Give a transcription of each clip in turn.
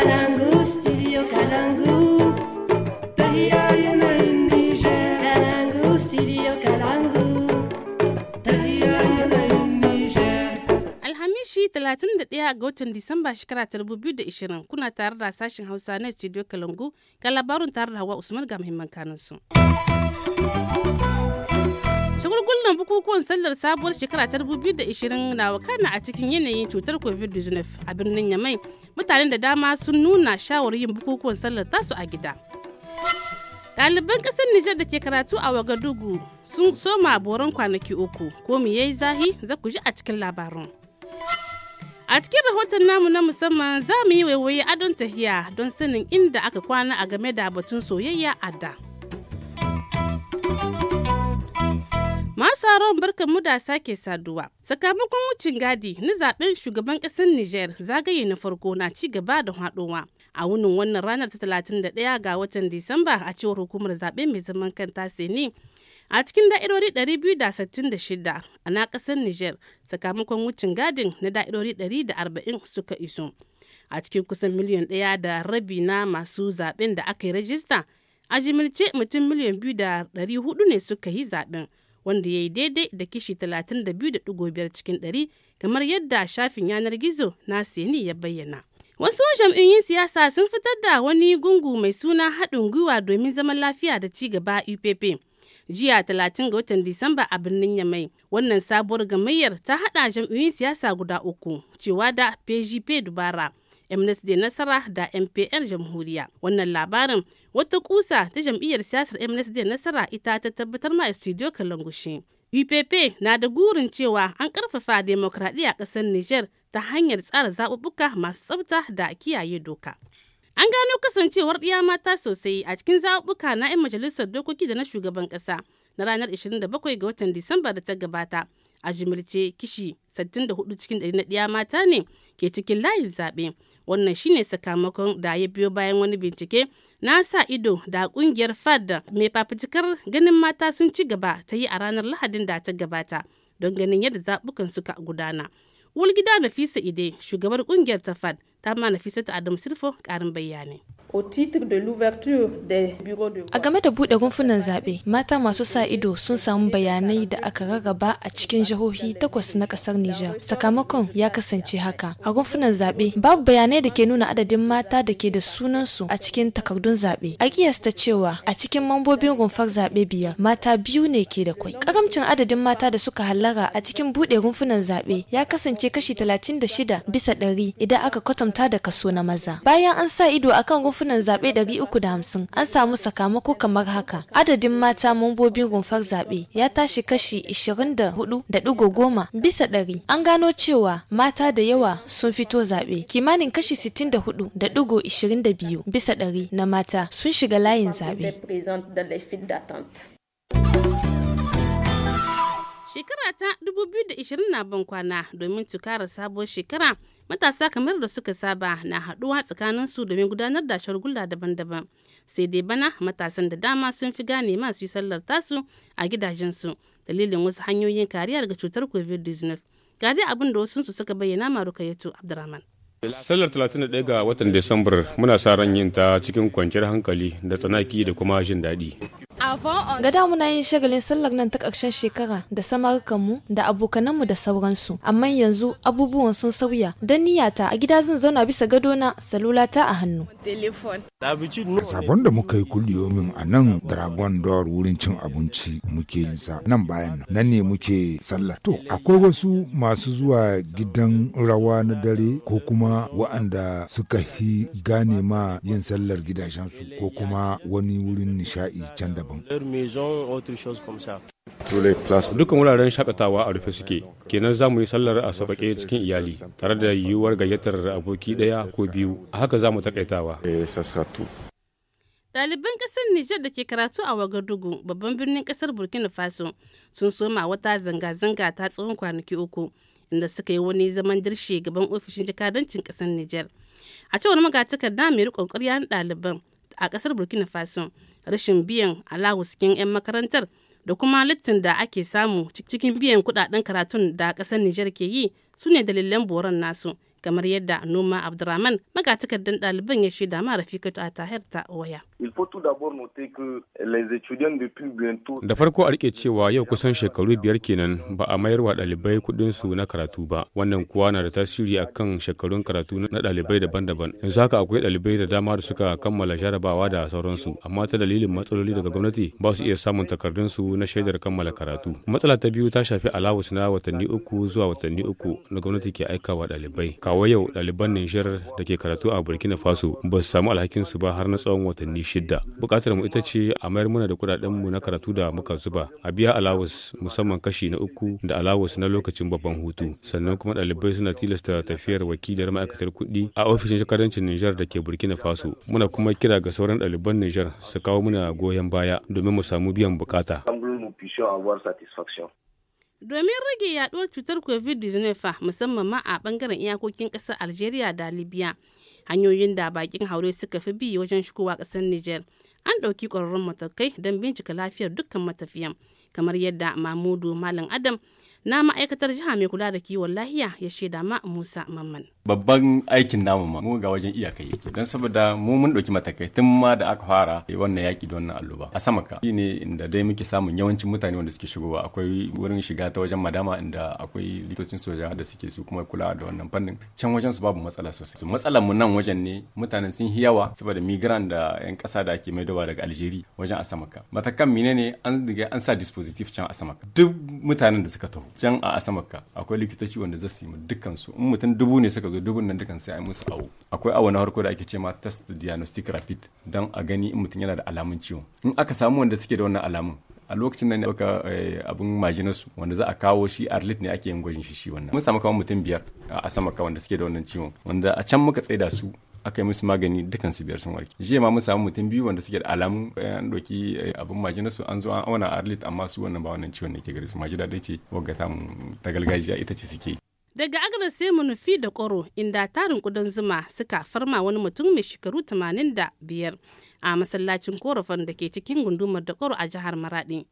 Kalangu, studio 31 ga watan Disamba shekara 2020 kuna tare da sashen Hausa na studio Kalangu ga labarin tare da Hawa Usman ga muhimman kanunsu. shagulgulan bukukuwan sallar sabuwar shekara ta 2020 na wakana a cikin yanayin cutar covid-19 a birnin yamai mutane da dama sun nuna shawar yin bukukuwan sallar tasu a gida ɗaliban ƙasar nijar da ke karatu a wagadugu sun soma boron kwanaki uku ko mu yayi zahi za ku ji a cikin labarin a cikin rahoton namu na musamman za mu yi waiwaye adon tahiya don sanin inda aka kwana a game da batun soyayya a da. Masu ron barkan mu da sake saduwa. Sakamakon wucin gadi na zaben shugaban ƙasar Nijar zagaye na farko na ci gaba da haɗowa. A wunin wannan ranar ta 31 ga watan Disamba a cewar hukumar zaben mai zaman kanta sene. A cikin da'irori 266 a na ƙasar Nijar sakamakon wucin gadin na da'irori 140 suka iso. A cikin kusan miliyan ɗaya da rabi na masu zaben da aka yi rajista, a jimilce mutum miliyan biyu da ɗari hudu ne suka yi zaɓen. wanda ya yi daidai da kishi 32.5 cikin 100 kamar yadda shafin yanar gizo na seni ya bayyana. Wasu jam'iyyun siyasa sun fitar da wani gungu mai suna haɗin gwiwa domin zaman lafiya da ci gaba UPP. Jiya 30 ga watan Disamba a birnin Yamai, wannan sabuwar gamayyar ta haɗa jam'iyyun siyasa guda uku, cewa da PGP Dubara, MNSD Nasara da MPR Jamhuriya. Wannan labarin wata kusa ta jam'iyyar siyasar MNSD Nasara ita ta tabbatar ma studio Kalangushi. UPP na da gurin cewa an karfafa demokradiyya kasar Nijar ta hanyar tsara zaɓuɓɓuka masu tsafta da kiyaye doka. An gano kasancewar ɗiya mata sosai a cikin zaɓuɓɓuka na 'yan majalisar dokoki da na shugaban ƙasa na ranar 27 ga watan Disamba da ta gabata. A jimirce kishi 64 cikin 100 na ɗiya mata ne ke cikin layin zaɓe wannan shine sakamakon da ya biyo bayan wani bincike na sa ido da kungiyar fad mai fafutukar ganin mata sun ci gaba ta yi a ranar lahadin da ta gabata don ganin yadda zaɓukan suka gudana gida nafisa ide shugabar kungiyar ta fad ta ma nafisa ta adam sirfo karin bayani A game da buɗe rumfunan zaɓe, mata masu sa ido sun samu bayanai da aka rarraba a cikin jihohi takwas na ƙasar Nijar. Sakamakon ya kasance haka. A rumfunan zaɓe, babu bayanai da ke nuna adadin mata da ke da sunansu a cikin takardun zaɓe. A kiyasta cewa a cikin mambobin rumfar zaɓe biyar, mata biyu ne ke da kwai. Karamcin adadin mata da suka hallara a cikin buɗe rumfunan zaɓe ya kasance kashi talatin da shida bisa ɗari idan aka kwatanta da kaso na maza. Bayan an sa ido akan rumfunan rumfunan zaɓe 350 an samu sakamako kamar haka. Adadin mata mambobin rumfar zaɓe ya tashi kashi 24.10 bisa ɗari. An gano cewa mata da yawa sun fito zaɓe. Kimanin kashi 64.22 bisa ɗari na mata sun shiga layin zaɓe. Shekara ta 2020 na ban kwana domin tukara sabuwar shekara matasa kamar da suka saba na haɗuwa su domin gudanar da shagulgula daban-daban. Sai dai bana matasan da dama sun fi gane masu yi sallar tasu a gidajensu dalilin wasu hanyoyin kariya daga cutar COVID-19. Ga dai abin da wasu suka bayyana ma Rukayetu Abdurrahman. sallar 31 ga watan disambar muna sa ran yin ta cikin kwanciyar hankali da tsanaki da kuma jin daɗi gada da muna yin shagalin sallar nan ta ƙarshen shekara da samarukanmu da abokananmu da sauransu. Amma yanzu abubuwan sun sauya. Don niyata a gida zan zauna bisa gadona salulata a hannu. A sabon da muka yi kulliyomin a nan Dragon Door wurin cin abinci muke yin sa nan bayan nan. Nan ne muke sallar. To akwai wasu masu zuwa gidan rawa na dare ko kuma wa'anda suka hi gane ma yin sallar gidajensu ko kuma wani wurin nishaɗi can daban. Dukkan wuraren shakatawa a rufe suke, kenan za mu yi sallar a sabaƙe cikin iyali tare da yiwuwar gayyatar aboki daya ko biyu, a haka za mu takaitawa. Ɗaliban ƙasar Nijar da ke karatu a Wagadugu, babban birnin ƙasar Burkina Faso, sun soma wata zanga-zanga ta tsawon kwanaki uku, inda suka yi wani zaman dirshe gaban ofishin jakadancin ƙasar Nijar. A cewar magatakarda mai riƙon ƙarya ɗaliban, a kasar burkina faso rashin biyan alawuskin 'yan makarantar da kuma littin da ake samu cikin biyan kudaden karatun da kasar nijar ke yi su ne dalilan boron nasu kamar yadda noma abdurrahman magatakardan ɗaliban ya shaida ma rafikatu a tahir ta waya da farko a rike cewa yau kusan shekaru biyar kenan ba a mayar wa ɗalibai kuɗin su na karatu ba wannan kuwa na da tasiri a kan shekarun karatu na ɗalibai daban-daban yanzu haka akwai ɗalibai da dama da suka kammala jarabawa da sauransu amma ta dalilin matsaloli daga gwamnati ba su iya samun takardun su na shaidar kammala karatu matsala ta biyu ta shafi alawus na watanni uku zuwa watanni uku na gwamnati ke aika wa ɗalibai kawo yau ɗaliban Nijar da ke karatu a Burkina Faso ba su samu alhakin su ba har na tsawon watanni shida. Bukatar mu ita ce a mayar muna da kuɗaɗen mu na karatu da muka zuba, a biya alawas musamman kashi na uku da alawas na lokacin babban hutu. Sannan kuma ɗalibai suna tilasta tafiyar wakilar ma'aikatar kuɗi a ofishin shakarancin Nijar da ke Burkina Faso. Muna kuma kira ga sauran ɗaliban Nijar su kawo muna goyon baya domin mu samu biyan bukata. domin rage yaduwar cutar covid-19 musamman ma a bangaren iyakokin kasar algeria da libya hanyoyin da bakin haure suka fi bi wajen shigowa kasar niger an ɗauki ƙwararrun matakai don bincika lafiyar dukkan matafiyan kamar yadda mamudu malam adam na ma'aikatar jiha mai kula da kiwon lahiya ya shaida ma Musa Mamman. Babban aikin namu ma mu ga wajen iyaka yake don saboda mu mun ɗauki matakai tun ma da aka fara wannan yaƙi da wannan alluba a sama ka shine inda dai muke samun yawancin mutane wanda suke shigowa akwai wurin shiga ta wajen madama inda akwai likitocin soja da suke su kuma kula da wannan fannin can wajen su babu matsala sosai matsalar mu nan wajen ne mutanen sun yawa saboda migran da yan ƙasa da ake maidowa daga Algeria wajen a sama ka matakan mine ne an an sa dispositif can a sama ka duk mutanen da suka taho can a asamarka akwai likitoci wanda za su yi dukkan su in mutum dubu ne suka zo dubun nan dukkan sai a yi musu awo akwai awo na harko da ake ce ma test diagnostic rapid don a gani in mutum yana da alamun ciwon in aka samu wanda suke da wannan alamun a lokacin nan ɗauka eh, abin majinasu wanda za a kawo shi arlit ne ake yin gwajin shi shi wannan mun samu kawo mutum biyar a asamaka ka wanda suke da wannan ciwon wanda a can muka tsaida su aka yi musu magani dukan su biyar sun warke jiya ma mun samu mutum biyu wanda suke da alamun eh, an doki eh, abin majina su an zo an auna arlit amma su wannan ba wannan ciwon ne ke gare su majina dai ce wagga ta ta gargajiya ita ce suke daga agra sai mu nufi da koro inda tarin kudan zuma suka farma wani mutum mai shekaru biyar a masallacin korafan da ke cikin gundumar da koro a jihar maraɗi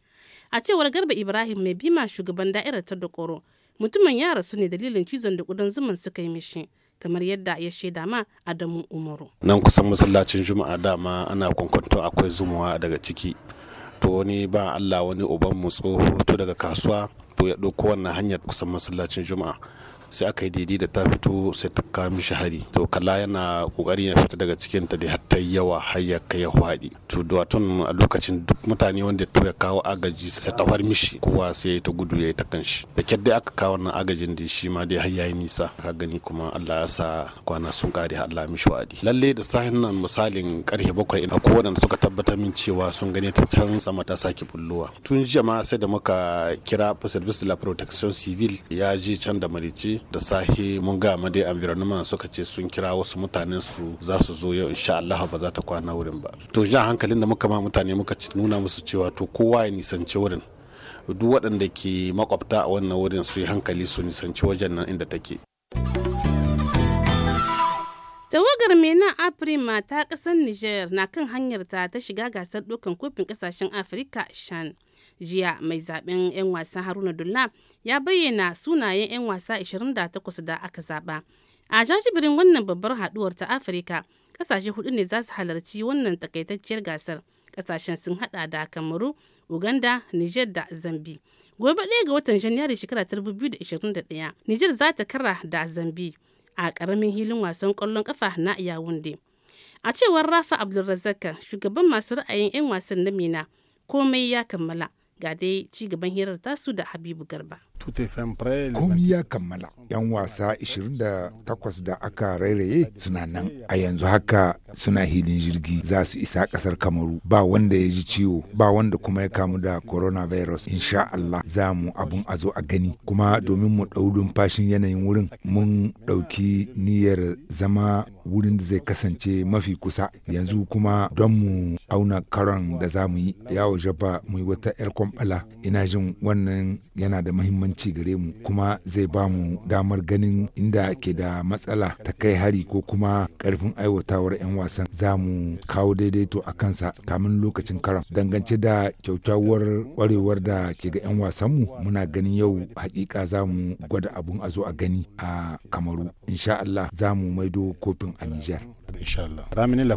a cewar garba ibrahim mai bima shugaban da'irar ta da koro mutumin ya rasu ne dalilin cizon da kudan zuman suka yi mishi kamar yadda ya shaida ma Adamu Umaru. Nan kusan masallacin Juma'a dama ana kwankwanto akwai zumuwa daga ciki. To wani ba Allah wani uban mu tsoho to daga kasuwa to ya ɗauko wannan hanyar kusan masallacin Juma'a. sai aka yi daidai da ta fito sai ta kawo mishi hari to kala yana kokarin ya fita daga cikin ta da har yawa har ya kai ya hwadi to duwatun a lokacin duk mutane wanda to ya kawo agaji sai ta far mishi kowa sai ya ta gudu ya ta kanshi da kyar dai aka kawo wannan agajin da shi ma dai har yayi nisa ka gani kuma Allah ya sa kwana sun kare har Allah mishi wadi lalle da sahin nan misalin karfe bakwai a kowanne suka tabbata min cewa sun gane ta can sama ta sake bullowa tun jama'a sai da muka kira service de la protection civil ya je can da marice da sahi mun ga ma dai environment suka ce sun kira wasu mutanen su za su zo yau insha Allah ba za ta kwana wurin ba to jan hankalin da muka ma mutane muka nuna musu cewa to kowa ya nisanci wurin duk waɗanda ke makwabta a wannan wurin su yi hankali su nisanci wajen nan inda take tawagar mena afirma ta ƙasar niger na kan hanyar ta shiga gasar ɗaukan kofin ƙasashen afirka shan jiya mai zaben 'yan wasa haruna dulla ya bayyana sunayen 'yan wasa 28 da aka zaba a jajibirin wannan babbar haduwar ta afirka kasashe hudu ne za su halarci wannan takaitacciyar gasar kasashen sun hada da kamaru uganda niger da zambi gobe ɗaya ga watan janairu shekara 2021 niger za ta kara da zambi a karamin hilin wasan kwallon kafa na yawunde a cewar rafa abdulrazak shugaban masu ra'ayin 'yan wasan na mina komai ya kammala ga dai ci gaban hirar tasu da habibu garba Komi ya kammala. 'Yan wasa 28 da aka rairaye suna nan a yanzu haka suna hilin jirgi za su isa kasar Kamaru ba wanda ya ji ciwo ba wanda kuma ya kamu da coronavirus insha Allah za mu abun a zo a gani kuma domin mu ɗau lumfashin yanayin wurin mun ɗauki niyyar zama wurin da zai kasance mafi kusa yanzu kuma don mu auna karon da za mu yi yawo jaba mu yi wata 'yar kwamfala ina jin wannan yana da mahimmanci muhimmanci gare mu kuma zai ba mu damar ganin inda ke da matsala ta kai hari ko kuma karfin aiwatawar 'yan wasan za mu kawo daidaito a kansa kamin lokacin karam dangance da kyaukyawar kwarewar da ke ga 'yan wasan mu muna ganin yau hakika za mu gwada abun a zo a gani a kamaru insha za mu maido kofin a Nijar. Insha Allah. Ramini la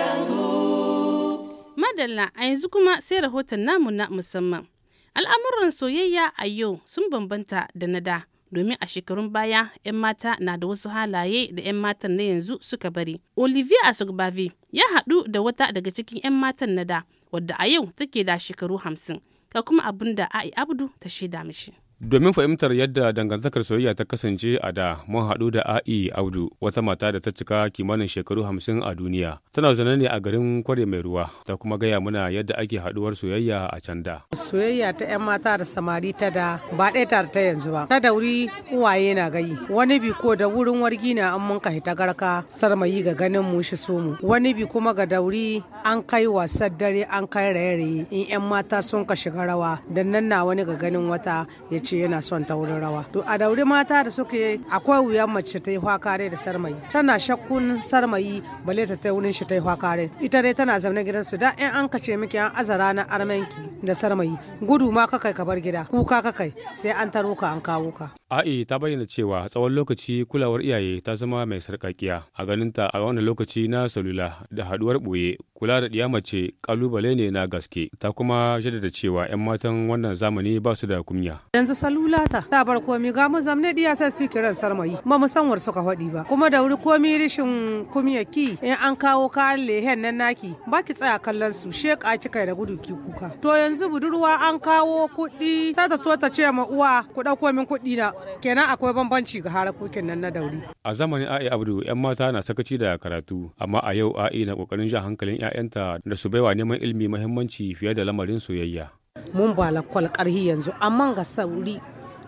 Madalla a yanzu kuma sai rahoton namu na musamman. Al'amuran soyayya a yau sun bambanta da na da domin a shekarun baya 'yan mata na da wasu halaye da 'yan matan na yanzu suka bari. Olivier Asogbavi ya haɗu da wata daga cikin 'yan matan na da wadda a yau take da shekaru hamsin, ka kuma abin da A'i Abdu ta shaida mishi. Domin fahimtar yadda dangantakar soyayya ta kasance a da mun haɗu da A'i Audu wata mata da ta cika kimanin shekaru hamsin a duniya. Tana zane ne a garin Kware mai ruwa ta kuma gaya muna yadda ake haɗuwar soyayya a can da. Soyayya ta 'yan mata da samari ta da ba ɗaya ta ta yanzu ba. Ta dauri uwaye na gayi. Wani bi ko da wurin wargi na an mun kai ta garka sarmayi ga ganin mu shi su mu. Wani bi kuma ga dauri an kai wasan dare an kai raye-raye in 'yan mata sun ka shiga rawa. Dan nan na wani ga ganin wata ya ce yana son taurin rawa to a dauri mata da suke akwai wuyan mace ta yi hwakare da sarmayi tana shakkun sarmayi bale ta tai wurin shi ta yi hwakare ita dai tana zaune gidan su da in an kace miki an aza ranar armenki da sarmayi gudu ma kakai ka bar gida kuka kakai sai an taro ka an kawo ka A'i ta bayyana cewa tsawon lokaci kulawar iyaye ta zama mai sarƙaƙiya a ganinta a wannan lokaci na salula da haɗuwar ɓoye kula da ɗiya mace ƙalubale ne na gaske ta kuma jaddada cewa 'yan matan wannan zamani ba su da kunya. Yanzu salula ta ta bar komi ga mu zamne ɗiya sai su kiran sarmayi ma mu san wasu ka faɗi ba kuma da wuri komi rishin kunya ki in an kawo kayan lehen nan naki ba ki tsaya kallon su sheka ki kai da gudu ki kuka. To yanzu budurwa an kawo kuɗi ta ta to ta ce ma uwa ku ɗauko min kuɗi na kenan akwai bambanci ga harakokin nan na dauri a zamanin a'i abdu yan mata na sakaci da karatu amma a yau a'i na kokarin jan hankalin ƴaƴanta da su baiwa neman ilimi mahimmanci fiye da lamarin soyayya mun ba lakwal karhi yanzu amma ga sauri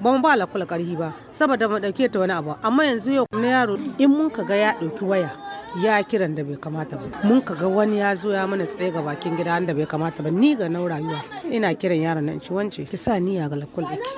ba mu ba lakwal karhi ba saboda mu dauke ta wani abu amma yanzu yau na yaro in mun ka ga ya dauki waya ya kiran da bai kamata ba mun ka ga wani ya zo ya mana tsaye ga bakin gida da bai kamata ba ni ga na rayuwa ina kiran yaron nan ci wance ki sa niyya ga lakwal ɗiki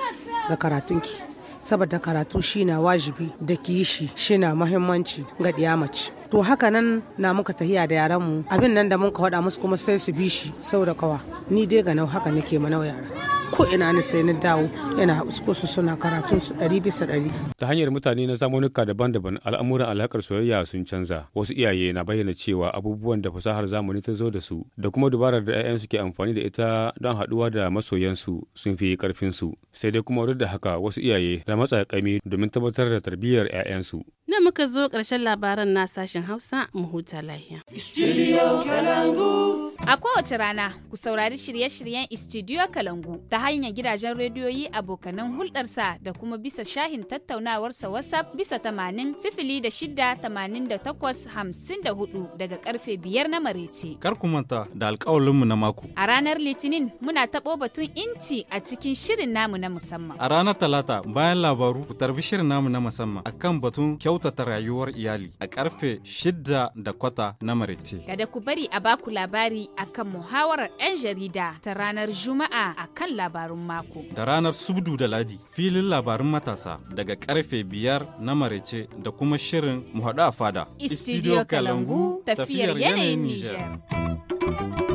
ga karatunki saboda karatu shi na wajibi da kishi shi na mahimmanci ga mace. to haka nan na muka tahiya da yaran mu abin nan da mun ka faɗa musu kuma sai su bi shi sau da kawa ni dai ga nau haka nake manau yara ko ina na ta na dawo yana usko su suna karatun su ɗari bisa ɗari. ta hanyar mutane na zamanuka daban-daban al'amuran alhakar soyayya sun canza wasu iyaye na bayyana cewa abubuwan da fasahar zamani ta zo da su da kuma dubarar da 'ya'yan suke amfani da ita don haɗuwa da masoyansu sun fi karfinsu sai dai kuma duk da haka wasu iyaye na matsa ƙaimi domin tabbatar da tarbiyyar 'ya'yansu Na muka zo ƙarshen labaran na sashen Hausa mu huta lahiya. A kowace rana ku saurari shirye-shiryen Studio Kalangu ta hanyar gidajen rediyoyi abokanan hulɗarsa da kuma bisa shahin tattaunawarsa WhatsApp bisa tamanin sifili da shida tamanin da takwas hamsin da hudu daga karfe biyar na marece. Kar ku manta da alƙawalinmu na mako. A ranar Litinin muna taɓo batun inci a cikin shirin namu na musamman. A ranar Talata bayan labaru ku tarbi shirin namu na musamman akan batun kyau kyautata rayuwar iyali a karfe shidda da kwata na maraice. Kada ku bari a baku labari akan muhawarar 'yan jarida ta ranar Juma'a a kan labarun mako. Da ranar Subdu da Ladi filin labarun matasa daga karfe biyar na marace da kuma shirin muhaɗu a fada. Istidiyo Kalangu tafiyar yanayin Nijar.